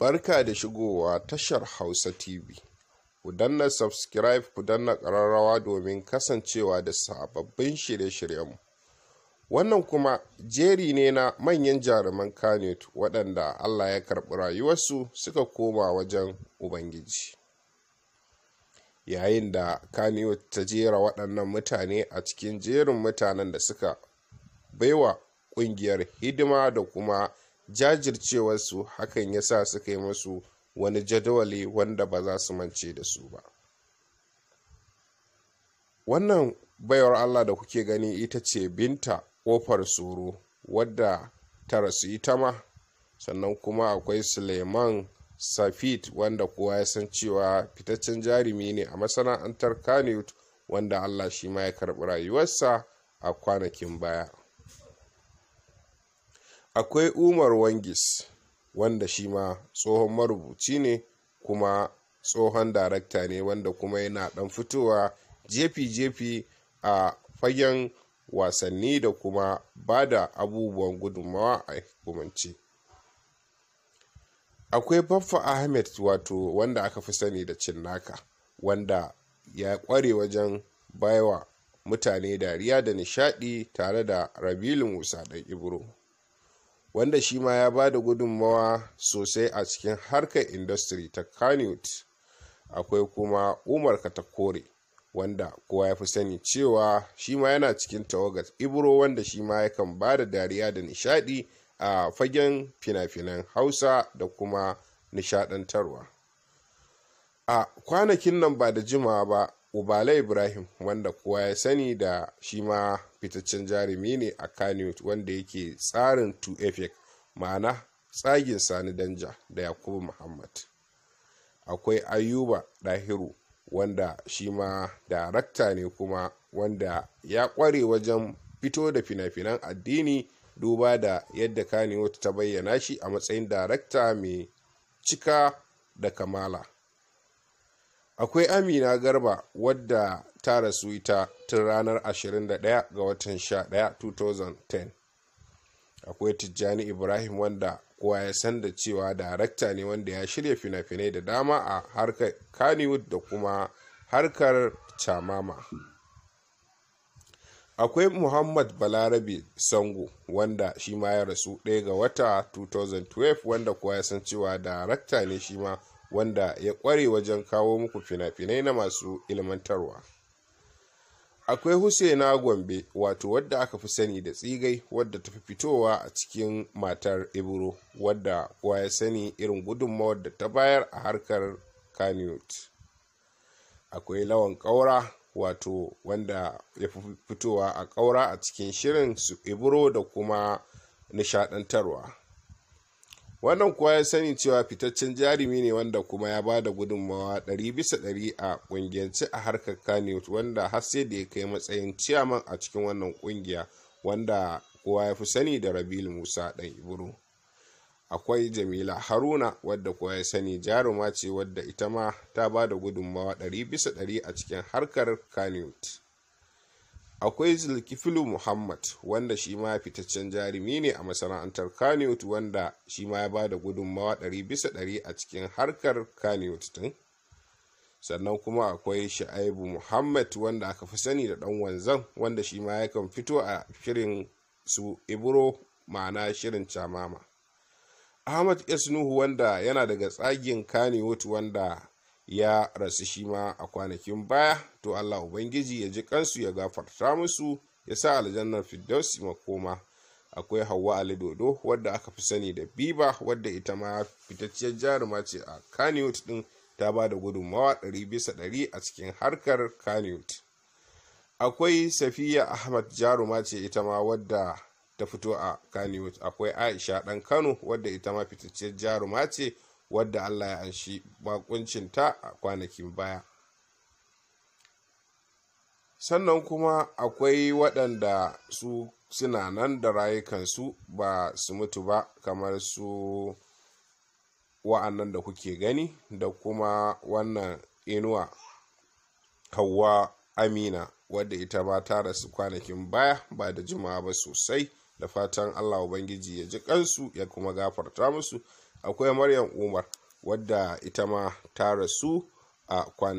Barka da shigowa tashar Hausa TV. Ku danna subscribe ku danna ƙararrawa domin kasancewa da sababbin shirye-shiryenmu. Wannan kuma jeri ne na manyan jaruman kanet waɗanda Allah ya karɓi rayuwarsu suka koma wajen Ubangiji. Yayin da Kanut ta jera waɗannan mutane a cikin jerin mutanen da suka baiwa ƙungiyar hidima da kuma jajircewarsu hakan ya sa suka yi masu wani jadawali wanda ba za su mance da su ba wannan bayar allah da kuke gani ita ce binta ƙofar tsoro wadda ta rasu ita ma sannan kuma akwai suleiman safit wanda kowa ya san cewa fitaccen jarumi ne a masana'antar kanut wanda allah shi ma ya karɓi rayuwarsa a kwanakin baya akwai umar wangis wanda shi ma tsohon marubuci ne kuma tsohon darakta ne wanda kuma yana dan fitowa jefi-jefi a fagen wasanni da kuma ba da abubuwan gudunmawa a hukumance akwai baffa ahmed wato wanda aka fi sani da cinnaka wanda ya kware wajen baiwa mutane dariya da nishadi tare da rabilu musa dan ibro wanda shi ma ya ba da gudunmawa sosai a cikin harkar industry ta kanut akwai kuma umar katakore wanda kowa ya fi sani cewa shi ma yana cikin tawagat ibro wanda shi ma yakan ba da dariya da nishadi a fagen fina-finan hausa da kuma nishadantarwa a kwanakin nan ba da jimawa ba ubala ibrahim wanda kowa ya sani da shi ma fitaccen jarumi ne a kanewt wanda yake tsarin 2fx ma'ana tsagin sani danja da yakubu muhammad akwai ayuba dahiru wanda shi ma darakta ne kuma wanda ya kware wajen fito da fina-finan addini duba da yadda kanewt ta bayyana shi a matsayin darakta mai cika da kamala akwai amina garba wadda ta rasu ita tun ranar 21 ga watan 11 2010 akwai tijjani ibrahim wanda kowa ya san da cewa darakta ne wanda ya shirya fina-finai da dama a harkar kannywood da kuma harkar chamama akwai muhammad balarabe sango wanda shi ma ya rasu ɗaya ga wata 2012 wanda kowa ya san cewa darakta ne shi ma wanda ya ƙware wajen kawo muku fina-finai na masu ilmantarwa akwai husaina gombe wato wadda aka fi sani da tsigai wadda ta fi fitowa a cikin matar ibro wadda kuwa ya sani irin gudunmawar da ta bayar a harkar kaniyot akwai lawan kaura wato wanda ya fi fitowa a kaura a cikin shirin su ibro da kuma nishadantarwa wannan kuwa ya sani cewa fitaccen jarumi ne wanda kuma ya ba da gudunmawa 100 a kungiyance a harkar kanewood wanda har sai da ya kai matsayin ciyaman a cikin wannan kungiya wanda kowa ya fi sani da rabil musa dan ibro akwai jamila haruna wadda kowa ya sani jaruma ce wadda ita ma ta ba da gudunmawa 100 a cikin harkar kanewood akwai zulkifilu muhammad wanda shi ma fitaccen jarumi ne a masana'antar kaniyot wanda shi ma ya ba da gudunmawa ɗari bisa ɗari a cikin harkar kaniyot din? sannan kuma akwai sha'aibu muhammad wanda aka fi sani da ɗan wanzan wanda shi ma ya kan fito a shirin su ibro ma'ana shirin camama ahmad yasnuhu wanda yana daga tsagin kaniyot wanda ya rasu shi ma a kwanakin baya to allah ubangiji ya ji kansu ya gafarta musu ya sa aljannar firdausi makoma akwai hawa ali dodo wadda aka fi sani da biba wadda ita ma fitacciyar jaruma ce a Kanyut din ta ba da gudunmawa 100 100 a cikin harkar Kanyut akwai safiya ahmad jaruma ce ita ma wadda ta fito a Kanyut akwai aisha dan kano wadda ita ma fitacciyar jaruma ce wadda allah ya anshi bakuncinta a kwanakin baya sannan kuma akwai waɗanda su suna nan da rayukansu ba su mutu ba kamar su wa'annan da kuke gani da kuma wannan inuwa hawa amina wadda ita ba ta rasu kwanakin baya ba da jimawa ba sosai da fatan allah ubangiji ya ji kansu ya kuma gafarta musu akwai maryam umar wadda ita ma ta rasu a kwanaki